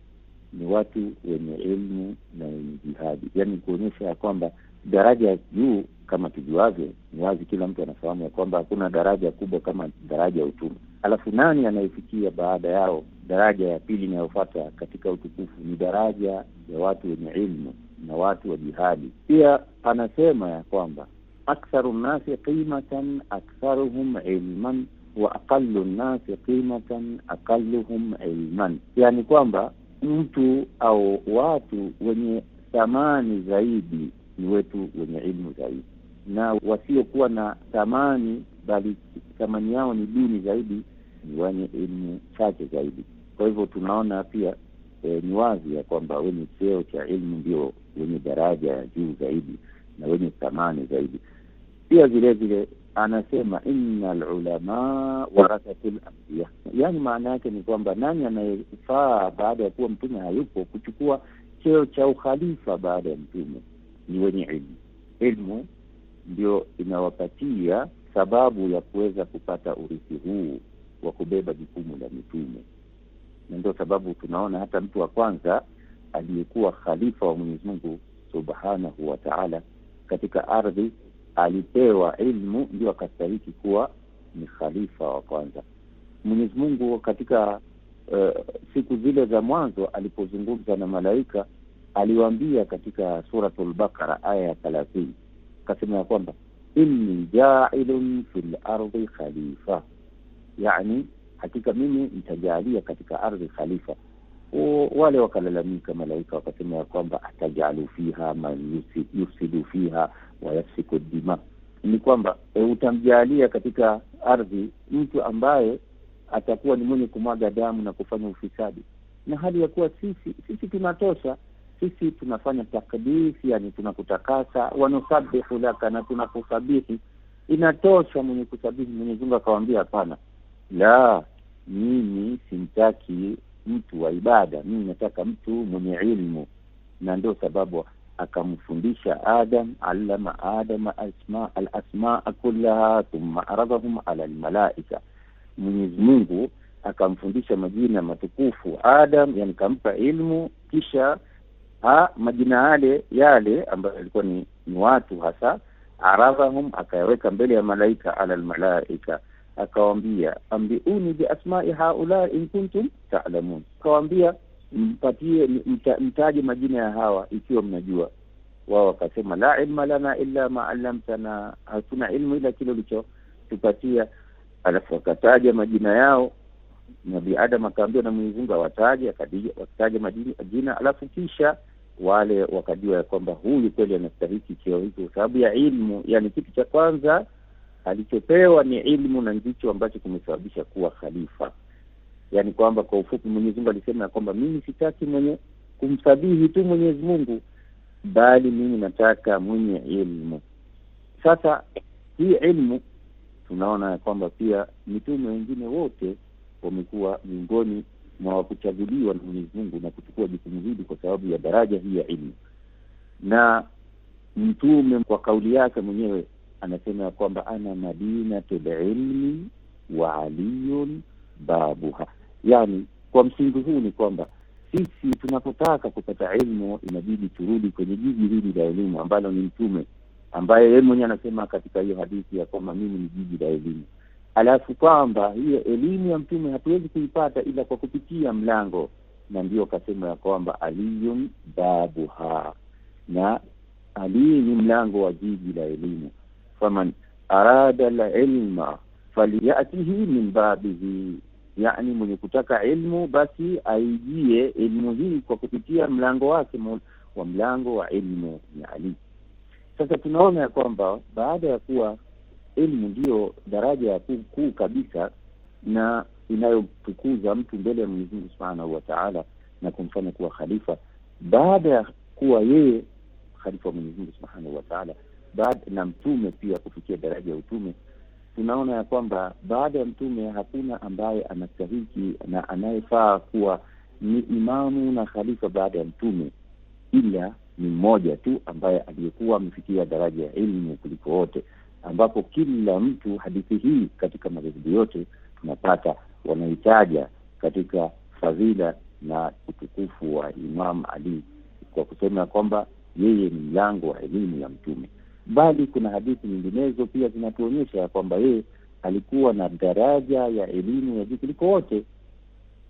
ni watu wenye elmu na wenye jihadi, yani kuonyesha ya kwamba daraja ya juu kama tujuavyo, ni wazi, kila mtu anafahamu ya kwamba hakuna daraja kubwa kama daraja ya utume. Alafu nani anayefikia baada yao? Daraja ya pili inayofata katika utukufu ni daraja ya watu wenye ilmu na watu wa jihadi. Pia anasema ya kwamba aktharu nnasi qimatan aktharuhum ilman wa aqallu nnasi qimatan aqalluhum ilman, yani kwamba mtu au watu wenye thamani zaidi ni wetu wenye ilmu zaidi, na wasiokuwa na thamani bali thamani yao ni duni zaidi ni wenye ilmu chache zaidi. Kwa hivyo tunaona pia e, ni wazi ya kwamba wenye cheo cha ilmu ndio wenye daraja ya juu zaidi na wenye thamani zaidi. Pia vilevile anasema inna lulama warathatu lambia yaani maana yake ni kwamba nani anayefaa baada ya kuwa mtume hayupo kuchukua cheo cha ukhalifa baada ya mtume? Ni wenye ilmu. Ilmu ndio inawapatia sababu ya kuweza kupata urithi huu wa kubeba jukumu la mitume, na ndio sababu tunaona hata mtu wa kwanza aliyekuwa khalifa wa Mwenyezi Mungu subhanahu wa taala katika ardhi alipewa ilmu ndio akastahiki kuwa ni khalifa wa kwanza. Mwenyezi Mungu katika uh, siku zile za mwanzo alipozungumza na malaika aliwaambia katika suratu lbakara aya ya thalathini akasema ya kwamba inni jailun fil ardi khalifa, yani hakika mimi nitajaalia katika ardhi khalifa. O, wale wakalalamika malaika wakasema ya kwamba atajalu fiha man yusidu fiha wa yasfiku dima, ni kwamba e, utamjaalia katika ardhi mtu ambaye atakuwa ni mwenye kumwaga damu na kufanya ufisadi, na hali ya kuwa sisi sisi tunatosha sisi tunafanya takdisi yani tunakutakasa, wanusabihu laka, na tunakusabihi inatosha. Mwenye kusabihi Mwenyezi akawambia, hapana, la, mimi simtaki mtu wa ibada, mimi nataka mtu mwenye ilmu, na ndio sababu akamfundisha Adam, allama Adama alasmaa kullaha thumma aradhahum ala almalaika, Mwenyezi Mungu akamfundisha majina matukufu Adam, yani kampa ilmu kisha ha, majina yale yale ambayo yalikuwa ni, ni watu hasa, aradhahum akayaweka mbele ya malaika, ala almalaika akawambia ambiuni biasmai haula in kuntum talamun, akawambia mpatie mta, mtaje majina ya hawa ikiwa mnajua. Wao wakasema la ilma lana illa ma alamtana hatuna ilmu ila kile ulichotupatia. Alafu wakataja majina yao. nabi Adam akaambiwa na Mwenyezi awataje, wakataja majina, alafu kisha wale wakajua ya kwamba huyu kweli anastahiki cheo hiki kwa sababu ya ilmu. Yani kitu cha kwanza alichopewa ni ilmu, na ndicho ambacho kimesababisha kuwa khalifa yaani kwamba kwa ufupi Mwenyezi Mungu alisema ya kwamba mimi sitaki mwenye kumsabihi tu Mwenyezi Mungu, bali mimi nataka mwenye ilmu. Sasa hii ilmu tunaona ya kwamba pia mitume wengine wote wamekuwa miongoni mwa wakuchaguliwa na Mwenyezi Mungu na kuchukua jukumu hili kwa sababu ya daraja hii ya ilmu. Na mtume kwa kauli yake mwenyewe anasema ya kwamba ana madinatul ilmi wa aliyun babuha Yani kwa msingi huu ni kwamba sisi tunapotaka kupata elimu inabidi turudi kwenye jiji hili la elimu ambalo ni Mtume, ambaye yeye mwenyewe anasema katika hiyo hadithi ya kwamba mimi ni jiji la elimu, alafu kwamba hiyo elimu ya Mtume hatuwezi kuipata ila kwa kupitia mlango, na ndiyo kasema ya kwamba aliyun babuha, na aliye ni mlango wa jiji la elimu. Faman arada la ilma faliyatihi min babihi yani mwenye kutaka elmu basi aijie elimu hii kwa kupitia mlango wake wa mlango wa ilmu yani. Sasa tunaona ya kwamba baada ya kuwa elimu ndiyo daraja ya kuu kabisa na inayotukuza mtu mbele ya mwenyezimungu Subhanahu wa Ta'ala na kumfanya kuwa khalifa, baada ya kuwa yeye khalifa wa mwenyezimungu Subhanahu wa Ta'ala, baada na mtume pia kufikia daraja ya utume tunaona ya kwamba baada ya Mtume hakuna ambaye anastahiki na anayefaa kuwa ni imamu na khalifa baada ya Mtume ila ni mmoja tu ambaye aliyekuwa amefikia daraja ya elimu kuliko wote, ambapo kila mtu, hadithi hii katika madhehebu yote tunapata wanahitaja katika fadhila na utukufu wa Imam Ali kwa kusema kwamba yeye ni mlango wa elimu ya Mtume bali kuna hadithi nyinginezo pia zinatuonyesha ya kwamba yeye alikuwa na daraja ya elimu ya juu kuliko wote,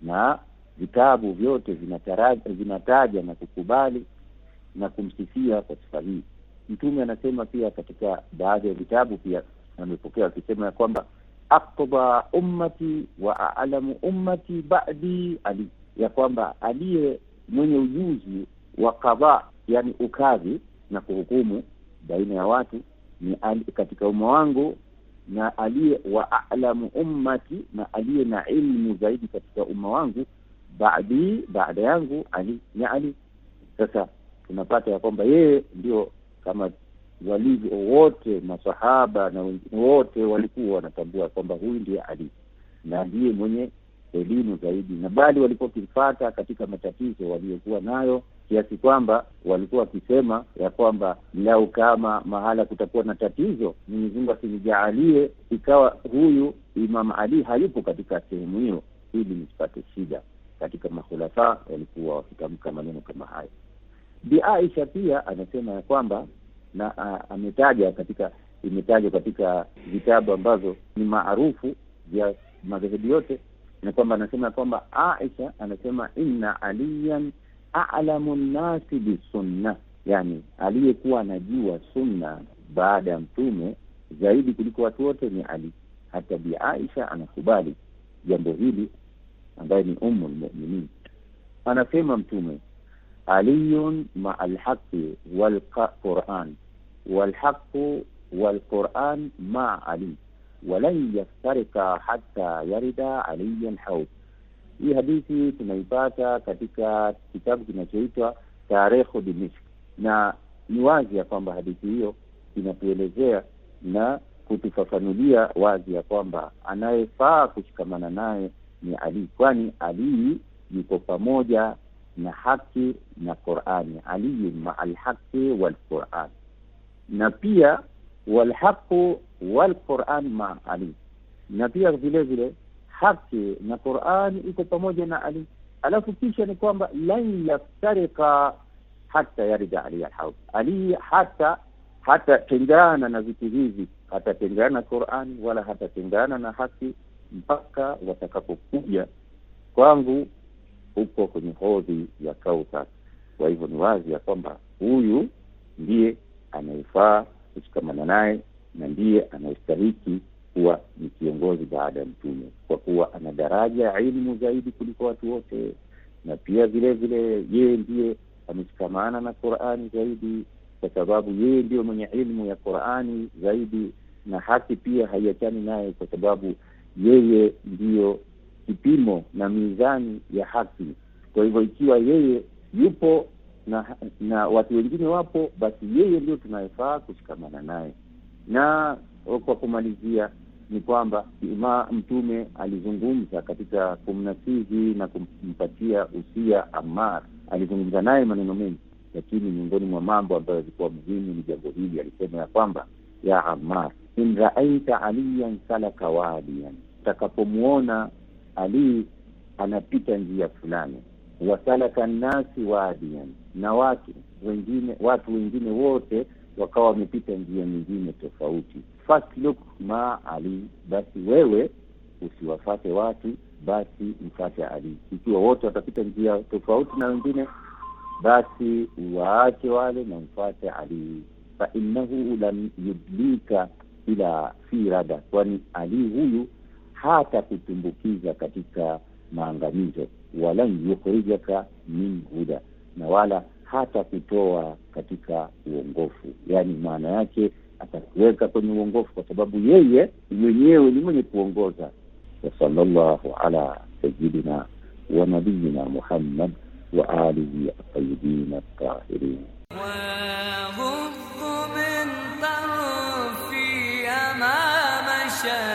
na vitabu vyote vinataja na kukubali na kumsifia kwa sifa hii. Mtume anasema pia katika baadhi ya vitabu pia amepokea akisema ya kwamba aktaba ummati wa alamu ummati ba'di Ali, ya kwamba aliye mwenye ujuzi wa kadhaa, yani ukadhi na kuhukumu baina ya watu ni ali, katika umma wangu na aliye wa alamu ummati, na aliye na ilmu zaidi katika umma wangu baadi, baada yangu Ali ni Ali. Sasa tunapata ya kwamba yeye ndio kama walivyo wote masahaba na wengine wote walikuwa wanatambua kwamba huyu ndiye Ali na ndiye mwenye elimu zaidi, na bali walikuwa wakimfata katika matatizo waliokuwa nayo kiasi kwamba walikuwa wakisema ya kwamba lau kama mahala kutakuwa na tatizo, Mwenyezi Mungu asinijaalie ikawa huyu Imam Ali hayupo katika sehemu hiyo, ili nisipate shida. Katika makhulafa walikuwa wakitamka maneno kama hayo. Bi Aisha pia anasema ya kwamba na a, ametaja katika imetajwa katika vitabu ambazo ni maarufu vya madhehebu yote, na kwamba anasema ya kwamba Aisha anasema inna aliyan alamu nnasi bisunna, yani aliyekuwa anajua sunna baada ya mtume zaidi kuliko watu wote ni Ali. Hata Bi Aisha anakubali jambo hili, ambaye ni ummu lmuminin. Anasema mtume aliyun maa alhaqi walquran walhaqu walquran maa ali walan yaftarika hata yarida aliyan haud hii hadithi tunaipata katika kitabu kinachoitwa Tarekhu Dimishk, na ni wazi ya kwamba hadithi hiyo inatuelezea na kutufafanulia wazi ya kwamba anayefaa kushikamana naye ni Ali, kwani Ali yuko pamoja na haki na Qurani. Aliyu ma'al alhaqi walquran, na pia walhaqu walquran maa ma Ali, na pia vilevile vile haki na Qur'ani iko pamoja na Ali. Alafu kisha ni kwamba lan yaftarika hata yarida Ali alhaud Ali hata hatatengana na vitu hivi, hatatengana na Qur'ani wala hatatengana na haki mpaka watakapokuja kwangu huko kwenye hodhi ya Kauthar. Kwa hivyo ni wazi ya kwamba huyu ndiye anayefaa kushikamana naye na ndiye anayestahiki kuwa ni kiongozi baada ya Mtume, kwa kuwa ana daraja ya ilmu zaidi kuliko watu wote, na pia vile vile yeye ndiye ameshikamana na Qurani zaidi, kwa sababu yeye ndiyo mwenye ilmu ya Qurani zaidi, na haki pia haiachani naye, kwa sababu yeye ndiyo kipimo na mizani ya haki. Kwa hivyo ikiwa yeye yupo na na watu wengine wapo, basi yeye ndio tunayefaa kushikamana naye. Na kwa kumalizia ni kwamba ima Mtume alizungumza katika kumnasihi na kumpatia usia Ammar, alizungumza naye maneno mengi, lakini miongoni mwa mambo ambayo yalikuwa muhimu ni jambo hili. Alisema ya kwamba ya Ammar, in raaita aliyan salaka wadian utakapomwona alii anapita njia fulani, wasalaka nnasi wadian na watu wengine watu wengine wote wakawa wamepita njia nyingine tofauti first look ma Ali, basi wewe usiwafate watu, basi mfate Ali. Ikiwa wote watapita njia tofauti na wengine, basi waache wale na mfate Ali. Fa innahu lam yudlika ila fi rada, kwani Ali huyu hata kutumbukiza katika maangamizo, walan yukhrijaka min huda, na wala hata kutoa katika uongofu. Yani maana yake atatuweka kwenye uongofu kwa sababu yeye mwenyewe ni mwenye kuongoza wasallallahu ala sayidina wa nabiyina muhammad wa alihi atayibina atahirin أمام شاهد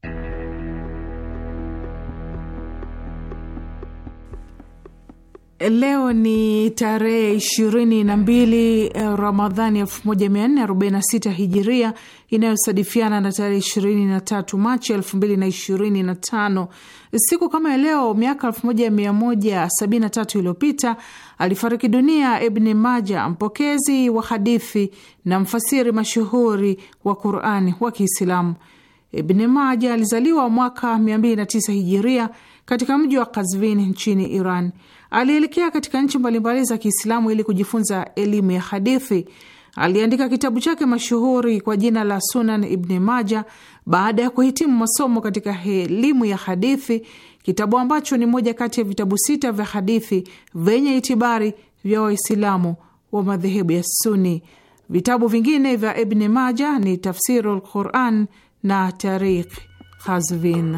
Leo ni tarehe ishirini na mbili eh, Ramadhani elfu moja mia nne arobaini na sita hijiria inayosadifiana na tarehe ishirini na tatu Machi elfu mbili na ishirini na tano. Siku kama leo miaka elfu moja mia moja sabini na tatu iliyopita alifariki dunia Ibni Maja, mpokezi wa hadithi na mfasiri mashuhuri wa Qurani wa Kiislamu. Ibni Maja alizaliwa mwaka tisa hijiria katika mji wa Kazvin nchini Iran. Alielekea katika nchi mbalimbali za Kiislamu ili kujifunza elimu ya hadithi. Aliandika kitabu chake mashuhuri kwa jina la Sunan Ibni Maja baada ya kuhitimu masomo katika elimu ya hadithi, kitabu ambacho ni moja kati ya vitabu sita vya hadithi vyenye itibari vya Waislamu wa madhehebu ya Suni. Vitabu vingine vya Ibni Maja ni Tafsiru Quran na Tarikh Khazvin.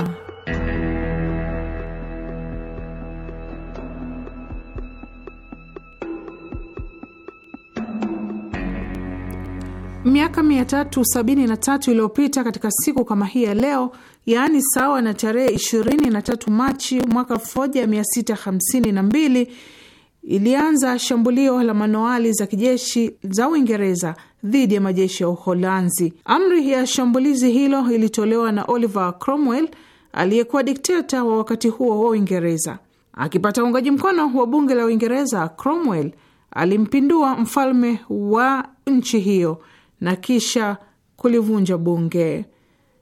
Miaka 373 iliyopita katika siku kama hii ya leo, yaani sawa na tarehe 23 Machi mwaka 1652 ilianza shambulio la manoali za kijeshi za Uingereza dhidi ya majeshi ya Uholanzi. Amri ya shambulizi hilo ilitolewa na Oliver Cromwell aliyekuwa dikteta wa wakati huo wa Uingereza. Akipata uungaji mkono wa bunge la Uingereza, Cromwell alimpindua mfalme wa nchi hiyo na kisha kulivunja bunge.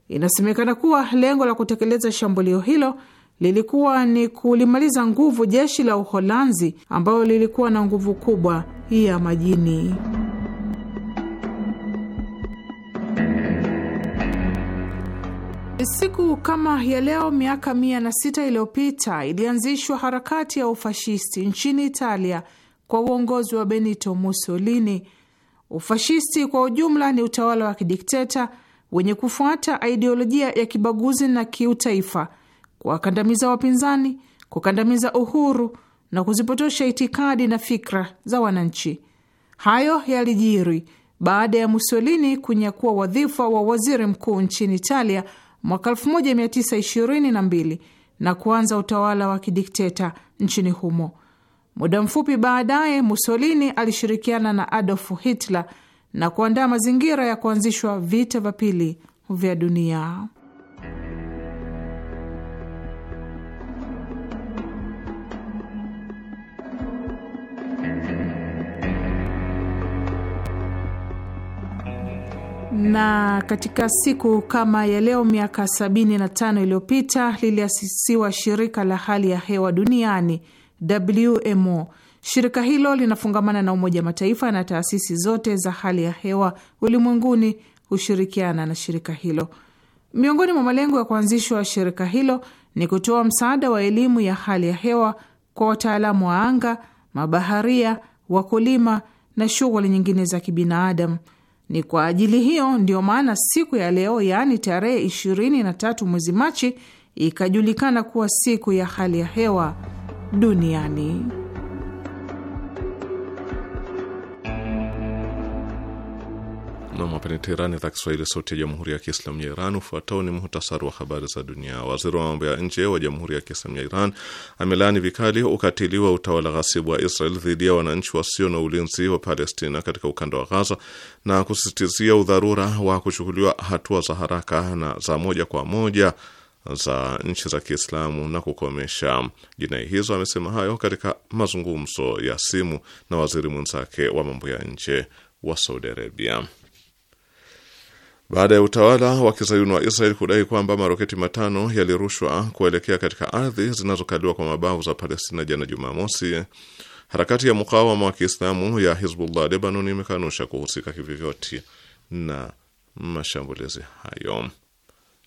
Inasemekana kuwa lengo la kutekeleza shambulio hilo lilikuwa ni kulimaliza nguvu jeshi la Uholanzi ambalo lilikuwa na nguvu kubwa ya majini. Siku kama ya leo miaka mia na sita iliyopita ilianzishwa harakati ya ufashisti nchini Italia kwa uongozi wa Benito Mussolini Ufashisti kwa ujumla ni utawala wa kidikteta wenye kufuata aidiolojia ya kibaguzi na kiutaifa, kuwakandamiza wapinzani, kukandamiza uhuru na kuzipotosha itikadi na fikra za wananchi. Hayo yalijiri baada ya Mussolini kunyakua wadhifa wa waziri mkuu nchini Italia mwaka 1922 na kuanza utawala wa kidikteta nchini humo. Muda mfupi baadaye, Mussolini alishirikiana na Adolf Hitler na kuandaa mazingira ya kuanzishwa vita vya pili vya dunia. na katika siku kama ya leo miaka 75 iliyopita liliasisiwa shirika la hali ya hewa duniani WMO. Shirika hilo linafungamana na Umoja Mataifa na taasisi zote za hali ya hewa ulimwenguni hushirikiana na shirika hilo. Miongoni mwa malengo ya kuanzishwa shirika hilo ni kutoa msaada wa elimu ya hali ya hewa kwa wataalamu wa anga, mabaharia, wakulima na shughuli nyingine za kibinadamu. Ni kwa ajili hiyo ndiyo maana siku ya leo, yaani tarehe 23 mwezi Machi, ikajulikana kuwa siku ya hali ya hewa duniani. Namapene Teherani, idhaa Kiswahili, sauti ya jamhuri ya kiislamu ya Iran. Ufuatao ni muhtasari wa habari za dunia. Waziri wa mambo ya nje wa jamhuri ya kiislamu ya Iran amelaani vikali ukatili wa utawala ghasibu wa Israel dhidi ya wananchi wasio na ulinzi wa Palestina katika ukanda wa Ghaza na kusisitizia udharura wa kuchukuliwa hatua za haraka na za moja kwa moja za nchi za Kiislamu na kukomesha jinai hizo. Amesema hayo katika mazungumzo ya simu na waziri mwenzake wa mambo ya nje wa Saudi Arabia baada ya utawala wa kizayuni wa Israel kudai kwamba maroketi matano yalirushwa kuelekea katika ardhi zinazokaliwa kwa mabavu za Palestina jana Jumamosi. Harakati ya mukawama wa Kiislamu ya Hizbullah Lebanon imekanusha kuhusika kivyovyote na mashambulizi hayo.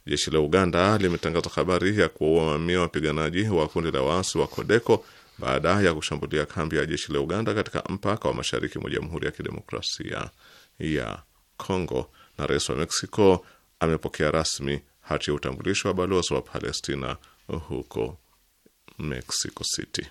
Jeshi la Uganda limetangaza habari ya kuwaua mamia wapiganaji wa kundi la waasi wa Kodeko baada ya kushambulia kambi ya jeshi la Uganda katika mpaka wa mashariki mwa Jamhuri ya Kidemokrasia ya Kongo. Na rais wa Mexico amepokea rasmi hati ya utambulisho wa balozi wa Palestina huko Mexico City.